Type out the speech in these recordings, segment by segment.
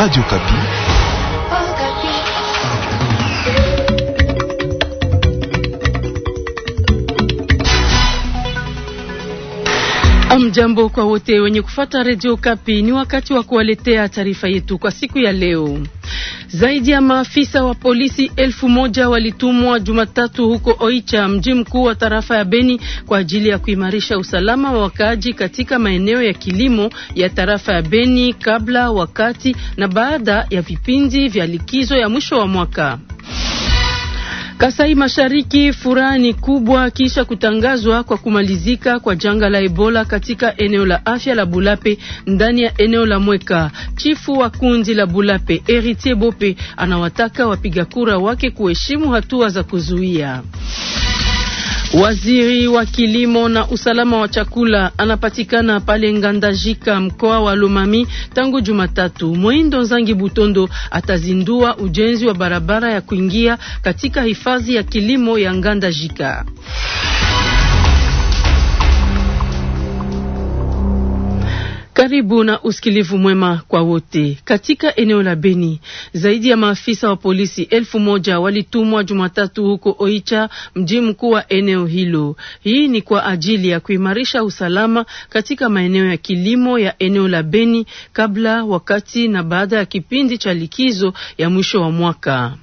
Radio Kapi. Amjambo kwa wote wenye kufata Radio Kapi, ni wakati wa kuwaletea taarifa yetu kwa siku ya leo. Zaidi ya maafisa wa polisi elfu moja walitumwa Jumatatu huko Oicha, mji mkuu wa tarafa ya Beni, kwa ajili ya kuimarisha usalama wa wakaaji katika maeneo ya kilimo ya tarafa ya Beni kabla, wakati na baada ya vipindi vya likizo ya mwisho wa mwaka. Kasai Mashariki, furaha ni kubwa kisha kutangazwa kwa kumalizika kwa janga la Ebola katika eneo la afya la Bulape ndani ya eneo la Mweka. Chifu wa kundi la Bulape Eritier Bope anawataka wapiga kura wake kuheshimu hatua za kuzuia Waziri wa kilimo na usalama wa chakula anapatikana pale Ngandajika, mkoa wa Lomami tangu Jumatatu. Mwindo Nzangi Butondo atazindua ujenzi wa barabara ya kuingia katika hifadhi ya kilimo ya Ngandajika. Karibu na usikilivu mwema kwa wote. Katika eneo la Beni, zaidi ya maafisa wa polisi elfu moja walitumwa Jumatatu huko Oicha, mji mkuu wa eneo hilo. Hii ni kwa ajili ya kuimarisha usalama katika maeneo ya kilimo ya eneo la Beni kabla, wakati na baada ya kipindi cha likizo ya mwisho wa mwaka.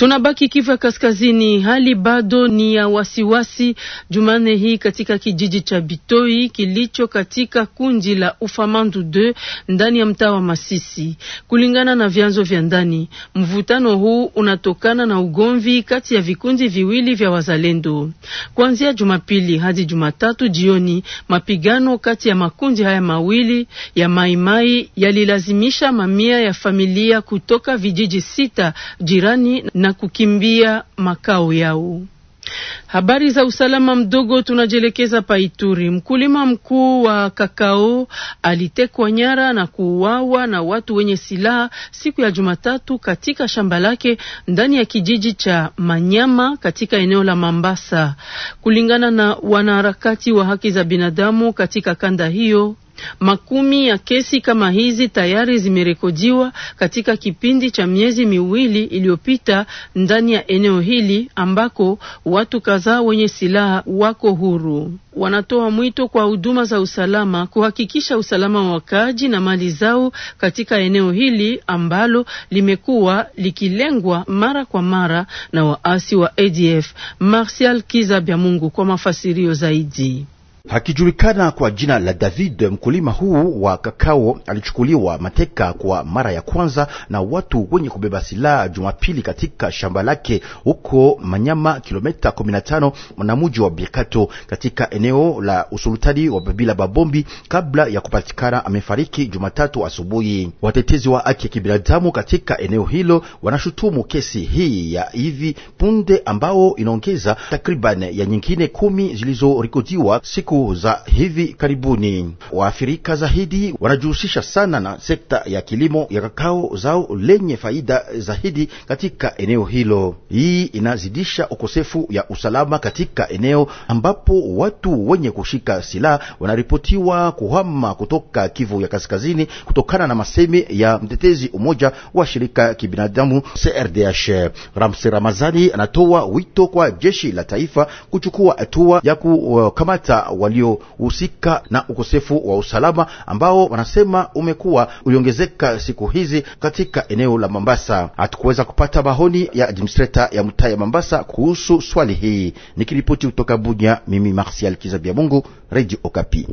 Tunabaki Kivu ya Kaskazini, hali bado ni ya wasiwasi Jumanne hii katika kijiji cha Bitoi kilicho katika kundi la Ufamandu 2 ndani ya mtaa wa Masisi. Kulingana na vyanzo vya ndani, mvutano huu unatokana na ugomvi kati ya vikundi viwili vya wazalendo. Kuanzia Jumapili hadi Jumatatu jioni, mapigano kati ya makundi haya mawili ya maimai yalilazimisha mamia ya familia kutoka vijiji sita jirani na na kukimbia makao yao. Habari za usalama mdogo, tunajielekeza pa Ituri. Mkulima mkuu wa kakao alitekwa nyara na kuuawa na watu wenye silaha siku ya Jumatatu katika shamba lake ndani ya kijiji cha Manyama katika eneo la Mambasa, kulingana na wanaharakati wa haki za binadamu katika kanda hiyo. Makumi ya kesi kama hizi tayari zimerekodiwa katika kipindi cha miezi miwili iliyopita ndani ya eneo hili ambako watu kadhaa wenye silaha wako huru. Wanatoa mwito kwa huduma za usalama kuhakikisha usalama wa wakaaji na mali zao katika eneo hili ambalo limekuwa likilengwa mara kwa mara na waasi wa ADF. Martial Kiza Bya Mungu kwa mafasirio zaidi hakijulikana kwa jina la David. Mkulima huu wa kakao alichukuliwa mateka kwa mara ya kwanza na watu wenye kubeba silaha Jumapili katika shamba lake huko Manyama, kilomita 15 na mji wa Bikato katika eneo la usultani wa Babila Babombi, kabla ya kupatikana amefariki Jumatatu asubuhi. Watetezi wa haki ya kibinadamu katika eneo hilo wanashutumu kesi hii ya hivi punde ambao inaongeza takriban ya nyingine kumi zilizorekodiwa siku za hivi karibuni. Waafrika zaidi wanajihusisha sana na sekta ya kilimo ya kakao, zao lenye faida zaidi katika eneo hilo. Hii inazidisha ukosefu ya usalama katika eneo ambapo watu wenye kushika silaha wanaripotiwa kuhama kutoka Kivu ya kaskazini kutokana na masemi ya mtetezi umoja wa shirika kibinadamu CRDH Ramsi Ramazani anatoa wito kwa jeshi la taifa kuchukua hatua ya kukamata waliohusika na ukosefu wa usalama ambao wanasema umekuwa uliongezeka siku hizi katika eneo la Mambasa. Hatukuweza kupata mahoni ya administrator ya mtaa ya Mambasa kuhusu swali hii. Nikiripoti kutoka Bunya, mimi Martial Kizabia Mungu, Radio Okapi.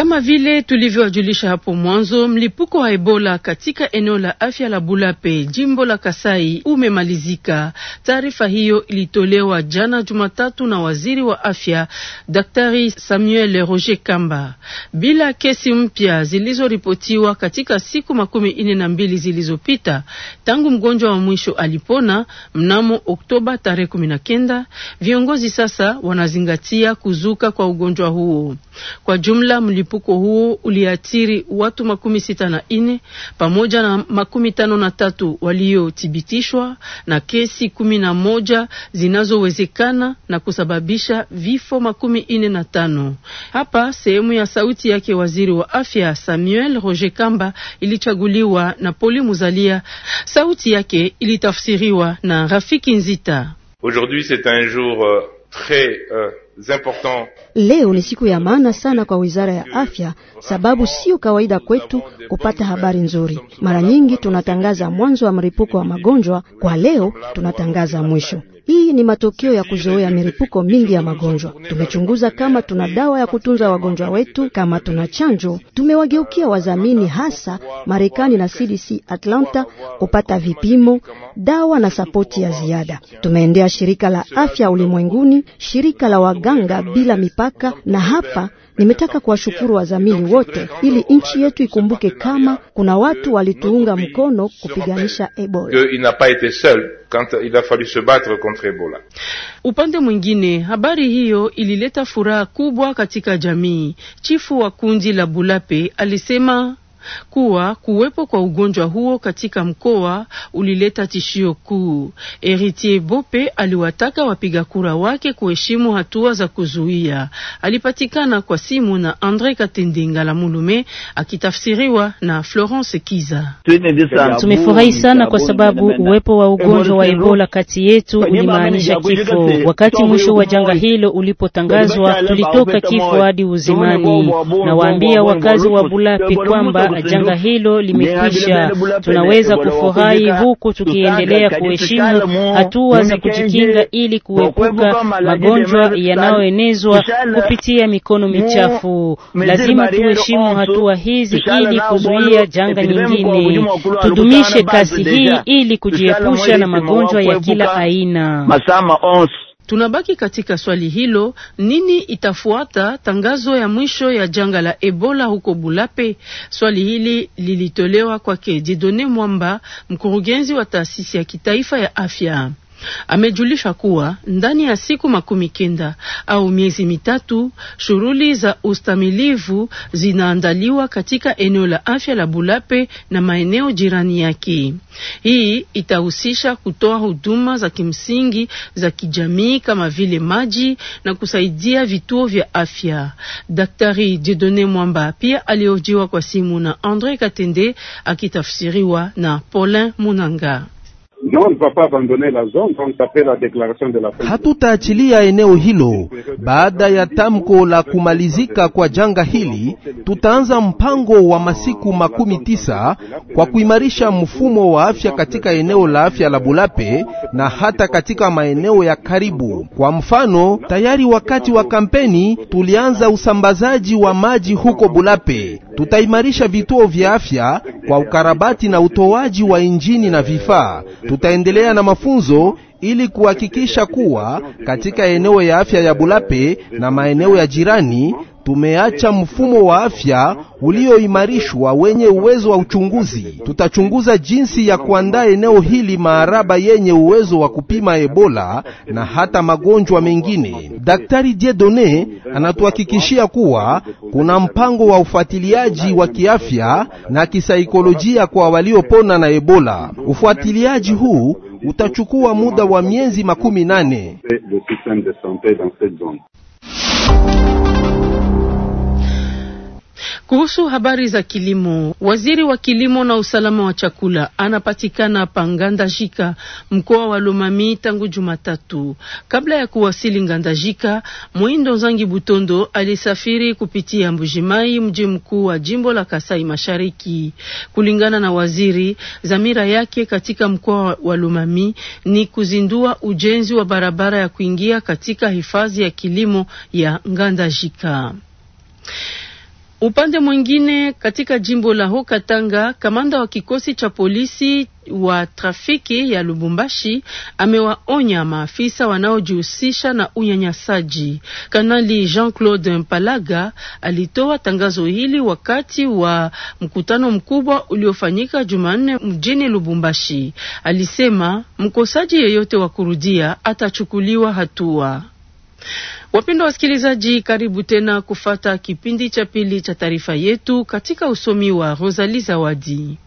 Kama vile tulivyojulisha hapo mwanzo, mlipuko wa Ebola katika eneo la afya la Bulape, jimbo la Kasai, umemalizika. Taarifa hiyo ilitolewa jana Jumatatu na waziri wa afya Daktari Samuel Roger Kamba, bila kesi mpya zilizoripotiwa katika siku makumi nne na mbili zilizopita tangu mgonjwa wa mwisho alipona mnamo Oktoba tarehe kumi na kenda. Viongozi sasa wanazingatia kuzuka kwa ugonjwa huo kwa jumla mlipu mlipuko huo uliathiri watu makumi sita na nne pamoja na makumi tano na tatu waliothibitishwa na kesi kumi na moja zinazowezekana na kusababisha vifo makumi nne na tano. Hapa sehemu ya sauti yake waziri wa afya Samuel Roger Kamba ilichaguliwa na Poli Muzalia. Sauti yake ilitafsiriwa na Rafiki Nzita. Aujourd'hui c'est un jour euh, très uh... Leo ni siku ya maana sana kwa wizara ya afya, sababu sio kawaida kwetu kupata habari nzuri. Mara nyingi tunatangaza mwanzo wa mlipuko wa magonjwa, kwa leo tunatangaza mwisho. Hii ni matokeo ya kuzoea milipuko mingi ya magonjwa. Tumechunguza kama tuna dawa ya kutunza wagonjwa wetu, kama tuna chanjo. Tumewageukia wadhamini, hasa Marekani na CDC Atlanta, kupata vipimo, dawa na sapoti ya ziada. Tumeendea shirika la afya ulimwenguni, shirika la waganga bila mipaka, na hapa nimetaka kuwashukuru wadhamini wote, ili nchi yetu ikumbuke kama kuna watu walituunga mkono kupiganisha Ebola quand il a fallu se battre contre Ebola. Upande mwingine, habari hiyo ilileta furaha kubwa katika jamii. Chifu wa kundi la Bulape alisema kuwa kuwepo kwa ugonjwa huo katika mkoa ulileta tishio kuu. Eritier Bope aliwataka wapiga kura wake kuheshimu hatua za kuzuia. Alipatikana kwa simu na Andre la Mulume akitafsiriwa na Florence Kiza. Tumefurahi sana kwa sababu uwepo wa ugonjwa wa Ebola kati yetu ulimaanisha kifo. Wakati mwisho wa janga hilo ulipotangazwa, tulitoka kifo hadi uzimani, Nawaambia wakazi wa Bulape kwamba janga hilo limekwisha. Tunaweza kufurahi huku tukiendelea kuheshimu hatua za kujikinga ili kuepuka magonjwa yanayoenezwa kupitia mikono michafu. Lazima tuheshimu hatua hizi ili kuzuia janga nyingine. Tudumishe kasi hii ili kujiepusha na magonjwa ya kila aina. Tunabaki katika swali hilo, nini itafuata tangazo ya mwisho ya janga la Ebola huko Bulape? Swali hili lilitolewa kwake Didone Mwamba, mkurugenzi wa taasisi ya kitaifa ya afya. Amejulisha kuwa ndani ya siku makumi kenda au miezi mitatu shughuli za ustamilivu zinaandaliwa katika eneo la afya la Bulape na maeneo jirani yake. Hii itahusisha kutoa huduma za kimsingi za kijamii kama vile maji na kusaidia vituo vya afya. Daktari Jedone Mwamba pia aliojiwa kwa simu na Andre Katende akitafsiriwa na Paulin Munanga. Hatutaachilia eneo hilo. Baada ya tamko la kumalizika kwa janga hili, tutaanza mpango wa masiku makumi tisa kwa kuimarisha mfumo wa afya katika eneo la afya la Bulape na hata katika maeneo ya karibu. Kwa mfano, tayari wakati wa kampeni tulianza usambazaji wa maji huko Bulape. Tutaimarisha vituo vya afya kwa ukarabati na utoaji wa injini na vifaa. Tutaendelea na mafunzo ili kuhakikisha kuwa katika eneo ya afya ya Bulape na maeneo ya jirani tumeacha mfumo wa afya ulioimarishwa wenye uwezo wa uchunguzi. Tutachunguza jinsi ya kuandaa eneo hili maaraba yenye uwezo wa kupima Ebola na hata magonjwa mengine. Daktari Diedone anatuhakikishia kuwa kuna mpango wa ufuatiliaji wa kiafya na kisaikolojia kwa waliopona na Ebola. Ufuatiliaji huu utachukua muda wa miezi makumi nane. Kuhusu habari za kilimo, waziri wa kilimo na usalama wa chakula anapatikana pa Ngandajika, mkoa wa Lomami tangu Jumatatu. Kabla ya kuwasili Ngandajika, Mwindo Zangi Butondo alisafiri kupitia Mbujimai, mji mkuu wa jimbo la Kasai Mashariki. Kulingana na waziri, dhamira yake katika mkoa wa Lomami ni kuzindua ujenzi wa barabara ya kuingia katika hifadhi ya kilimo ya Ngandajika. Upande mwingine katika jimbo la hokatanga kamanda wa kikosi cha polisi wa trafiki ya Lubumbashi amewaonya maafisa wanaojihusisha na unyanyasaji. Kanali Jean-Claude Mpalaga alitoa tangazo hili wakati wa mkutano mkubwa uliofanyika Jumanne mjini Lubumbashi. Alisema mkosaji yeyote wa kurudia atachukuliwa hatua. Wapendwa wasikilizaji, karibu tena kufata kipindi cha pili cha taarifa yetu katika usomi wa Rosalie Zawadi,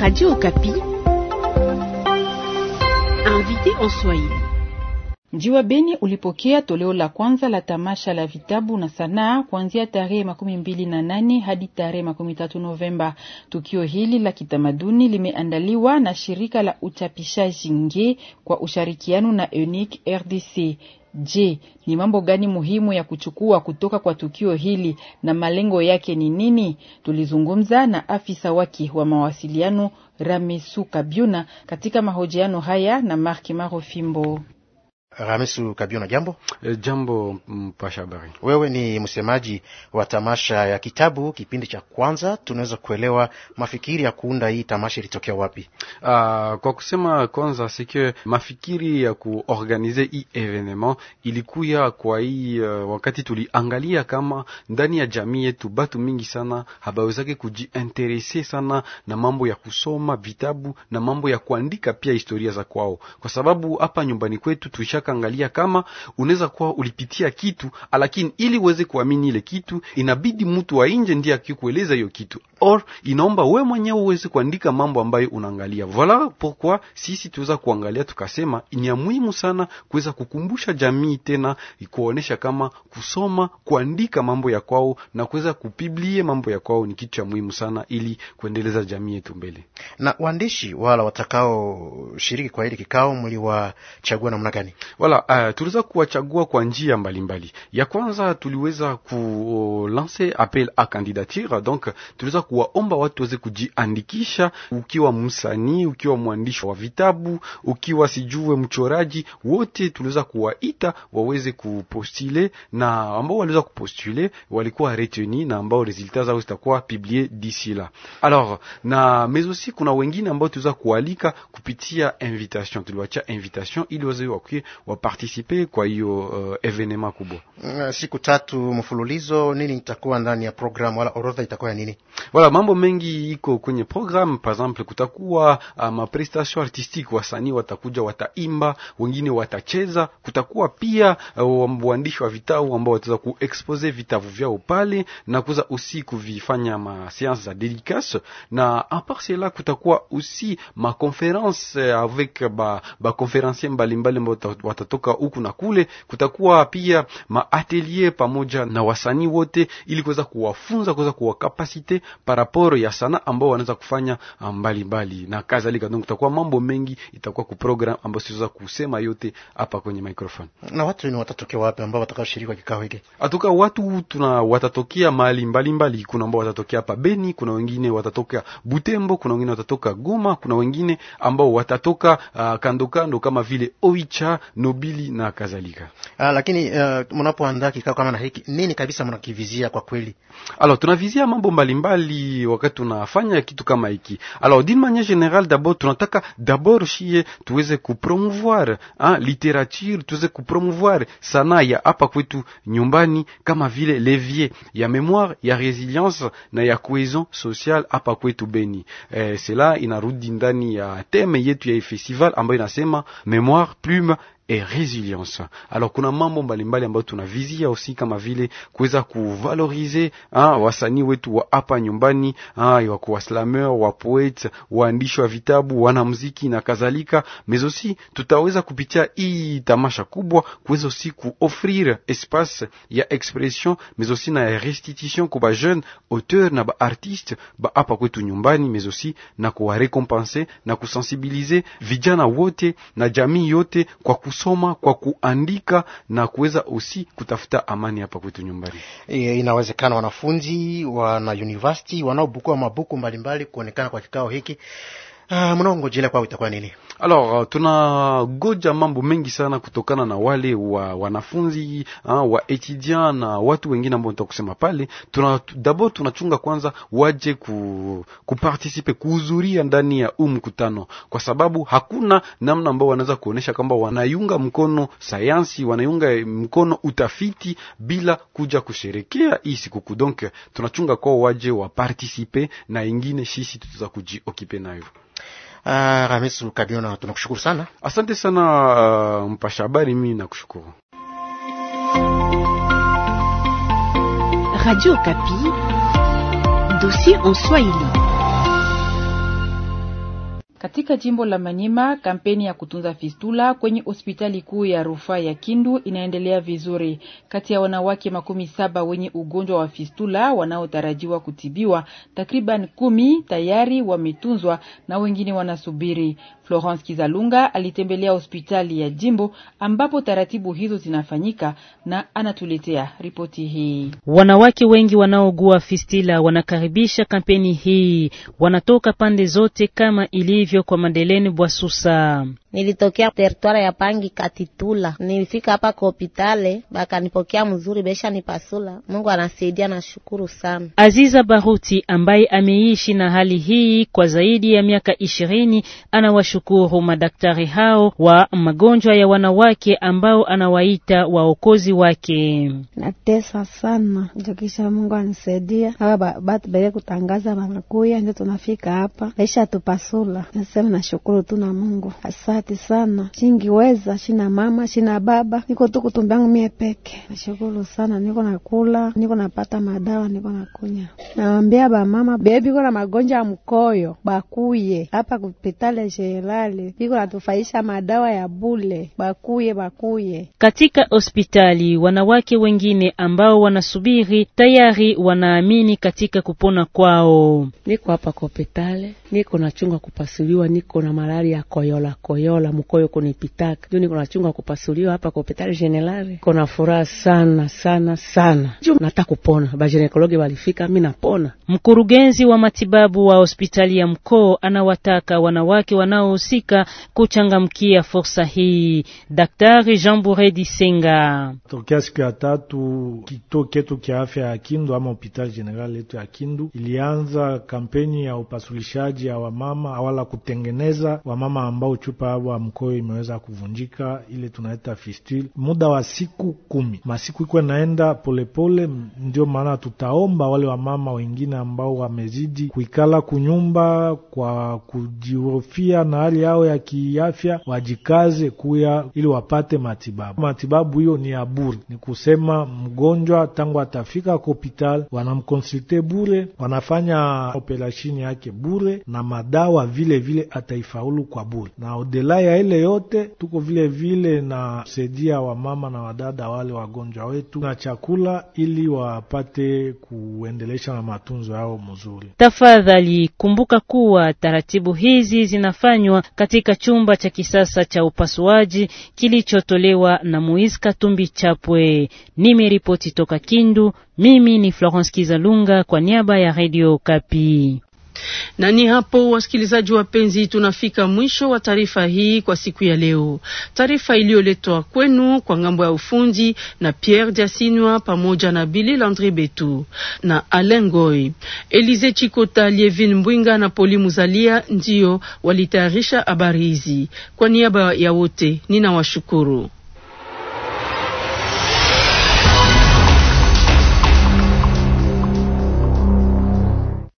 Radio Okapi, invité en Swahili. Mji wa Beni ulipokea toleo la kwanza la tamasha la vitabu na sanaa kuanzia tarehe makumi mbili na nane hadi tarehe makumi tatu Novemba. Tukio hili la kitamaduni limeandaliwa na shirika la uchapishaji Nge kwa ushirikiano na UNIC RDC. Je, ni mambo gani muhimu ya kuchukua kutoka kwa tukio hili na malengo yake ni nini? Tulizungumza na afisa wake wa mawasiliano Ramesu Kabyuna katika mahojiano haya na Mark Marofimbo. Ramisu Kabiona, jambo eh, jambo, mpasha habari. Wewe ni msemaji wa tamasha ya kitabu, kipindi cha kwanza. Tunaweza kuelewa mafikiri ya kuunda hii tamasha ilitokea wapi? Uh, kwa kusema kwanza sike mafikiri ya kuorganize hii evenement ilikuya kwa hii uh, wakati tuliangalia kama ndani ya jamii yetu batu mingi sana habawezake kujiinterese sana na mambo ya kusoma vitabu na mambo ya kuandika pia historia za kwao, kwa sababu hapa nyumbani kwetu tuisha unataka angalia kama unaweza kuwa ulipitia kitu, lakini ili uweze kuamini ile kitu inabidi mtu wa nje ndiye akikueleza hiyo kitu, or inaomba we mwenyewe uweze kuandika mambo ambayo unaangalia. Voila pourquoi sisi tuweza kuangalia tukasema ni muhimu sana kuweza kukumbusha jamii tena kuonesha kama kusoma, kuandika mambo ya kwao na kuweza kupiblie mambo ya kwao ni kitu cha muhimu sana, ili kuendeleza jamii yetu mbele. Na waandishi wala watakao shiriki kwa hili kikao, mliwachagua namna gani? Voilà, uh, tuliweza kuwachagua kwa njia mbalimbali. Ya kwanza tuliweza ku oh, lance appel a candidature, donc tuliweza kuwaomba watu waweze kujiandikisha, ukiwa msanii, ukiwa mwandishi wa vitabu, ukiwa sijue mchoraji, wote tuliweza kuwaita waweze kupostule, na ambao waliweza kupostule walikuwa reteni na ambao resultat zao zitakuwa publie d'ici là. Alors na mais aussi kuna wengine ambao tuliweza kualika kupitia invitation, tuliwacha invitation ili waweze wakie wapartisipe kwa hiyo uh, eh, evenema kubwa eh, siku tatu mfululizo. Nini itakuwa ndani ya program wala orodha itakuwa ya nini? Wala mambo mengi iko kwenye program. Par exemple kutakuwa uh, maprestation artistique, wasanii watakuja, wataimba, wengine watacheza. Kutakuwa pia uh, waandishi wa vitabu ambao wataweza kuexpose vitabu vyao pale na kuza usiku vifanya ma séance za dedicace na a part cela kutakuwa aussi ma conference avec ba ba conférencier mbalimbali ambao watatoka huku na kule. Kutakuwa pia maatelier pamoja na wasanii wote, ili kuweza kuwafunza, kuweza kuwakapasite paraporo ya sana ambao wanaweza kufanya ah, mbalimbali mbali. Na kadhalika ndio kutakuwa mambo mengi, itakuwa ku program ambayo siweza kusema yote hapa kwenye microphone. Na watu ni watatokea wapi ambao watakaoshiriki kikao hiki? Atoka watu tuna watatokea mahali mbalimbali, kuna ambao watatokea hapa Beni, kuna wengine watatoka Butembo, kuna wengine watatoka Goma, kuna wengine ambao watatoka uh, kando kando kama vile Oicha nobili na kadhalika. Ah, lakini uh, mnapoandaa kikao kama na hiki nini kabisa mnakivizia kwa kweli? Alors tunavizia mambo mbalimbali wakati tunafanya kitu kama hiki. Alors d'une manière générale d'abord tunataka d'abord shie tuweze kupromouvoir ah, literature tuweze kupromouvoir sanaa ya hapa kwetu nyumbani kama vile levier ya mémoire ya résilience na ya cohesion sociale hapa kwetu Beni. Eh, cela inarudi ndani ya theme yetu ya festival ambayo inasema mémoire plume et resilience. Alors kuna mambo mbalimbali ambayo tunavizia aussi kama vile kuweza kuvalorize wasanii wetu wa hapa nyumbani, wakuwaslamer, wapoet, waandishi wa vitabu, wanamuziki na kadhalika. Mezosi tutaweza kupitia hii tamasha kubwa kuweza aussi kuoffrir espace ya expression mezosi na ya restitution kwa jeune auteur na ba artiste ba hapa kwetu nyumbani, mezosi na kuwarecompenser na kusensibiliser vijana wote na jamii yote kwa kusoma, kwa kuandika na kuweza usi kutafuta amani hapa kwetu nyumbani. E, inawezekana wanafunzi wana university wanaobukua mabuku mbalimbali kuonekana kwa kikao hiki Ah, jile kwao itakuwa nini? Alors euh, tunagoja mambo mengi sana kutokana na wale wa wanafunzi ah, wa etudia na watu wengine ambao nitaka kusema pale. Tuna dabo tunachunga kwanza waje ku, kuparticipe kuhudhuria ndani ya huu mkutano, kwa sababu hakuna namna ambao wanaweza kuonesha kwamba wanayunga mkono sayansi, wanayunga mkono utafiti bila kuja kusherekea hii sikukuu. Donc tunachunga kwao waje wapartisipe, na ingine sisi tutaweza kujiokipe nayo. Uh, ah, Ramis Kabiona, tunakushukuru sana, asante sana uh, mpasha habari, mimi nakushukuru. Radio Kapi, dossier en Swahili. Katika jimbo la manyima kampeni ya kutunza fistula kwenye hospitali kuu ya rufaa ya Kindu inaendelea vizuri. Kati ya wanawake makumi saba wenye ugonjwa wa fistula wanaotarajiwa kutibiwa, takriban kumi tayari wametunzwa na wengine wanasubiri. Florence Kizalunga alitembelea hospitali ya jimbo ambapo taratibu hizo zinafanyika na anatuletea ripoti hii. Wanawake wengi wanaogua fistila wanakaribisha kampeni hii, wanatoka pande zote kama ilivyo kwa Madeleine Bwasusa. Nilitokea teritwara ya Pangi Katitula, nilifika hapa kwa hopitale, bakanipokea mzuri, besha nipasula. Mungu anasaidia, nashukuru sana. Aziza Baruti ambaye ameishi na hali hii kwa zaidi ya miaka ishirini anawashukuru madaktari hao wa magonjwa ya wanawake ambao anawaita waokozi wake. Natesa sana jokisha, Mungu anisaidia, hawa batu bele kutangaza banakuya, ndio tunafika hapa, besha tupasula. Nasema nashukuru tu na Mungu, asante bahati sana, singiweza shina mama shina baba, niko tu yangu mie peke. Nashukuru sana, niko nakula, niko napata madawa, niko nakunya. Nawambia bamama bebi, iko na magonjwa ya mkoyo, bakuye hapa kupitale jenerali, iko natufaisha madawa ya bule, bakuye bakuye. Katika hospitali wanawake wengine ambao wanasubiri tayari wanaamini katika kupona kwao. Niko hapa kwa hospitali, niko nachunga kupasuliwa, niko na malaria ya koyola koyola Kayola Mukoyo kunipitaka juu niko nachunga kupasuliwa hapa kwa hospitali generali. Kona furaha sana sana sana juu nataka kupona, baginekologi walifika, mi napona. Mkurugenzi wa matibabu wa hospitali ya mkoo anawataka wanawake wanaohusika kuchangamkia fursa hii. Daktari Jean Bure Disenga, tokea siku ya tatu kituo ketu kia afya ya Kindu ama hospitali generali yetu ya Kindu ilianza kampeni ya upasulishaji ya wamama awala kutengeneza wamama ambao chupa wa mkoyo imeweza kuvunjika, ile tunaita fistule, muda wa siku kumi. Masiku iko naenda polepole, ndio maana tutaomba wale wamama wengine ambao wamezidi kuikala kunyumba kwa kujihofia na hali yao ya kiafya, wajikaze kuya ili wapate matibabu. Matibabu hiyo ni ya bure, ni kusema mgonjwa tangu atafika kwa wanamkonsulte bure, wanafanya operashini yake bure na madawa vile vile ataifaulu kwa bure na wilaya ile yote. Tuko vile vile na wa wamama na wadada wale wagonjwa wetu na chakula, ili wapate kuendelesha na matunzo yao mzuri. Tafadhali kumbuka kuwa taratibu hizi zinafanywa katika chumba cha kisasa cha upasuaji kilichotolewa na Moise Katumbi Chapwe. Nimeripoti toka Kindu, mimi ni Florence Kizalunga kwa niaba ya Radio Kapi. Na ni hapo wasikilizaji wapenzi, tunafika mwisho wa taarifa hii kwa siku ya leo. Taarifa iliyoletwa kwenu kwa ngambo ya ufundi na Pierre Jasinwa pamoja na Billy Landri Betu na goy Elize Chikota, Lievin Mbwinga na Poli Muzalia ndiyo walitayarisha habari hizi. Kwa niaba ya wote ninawashukuru.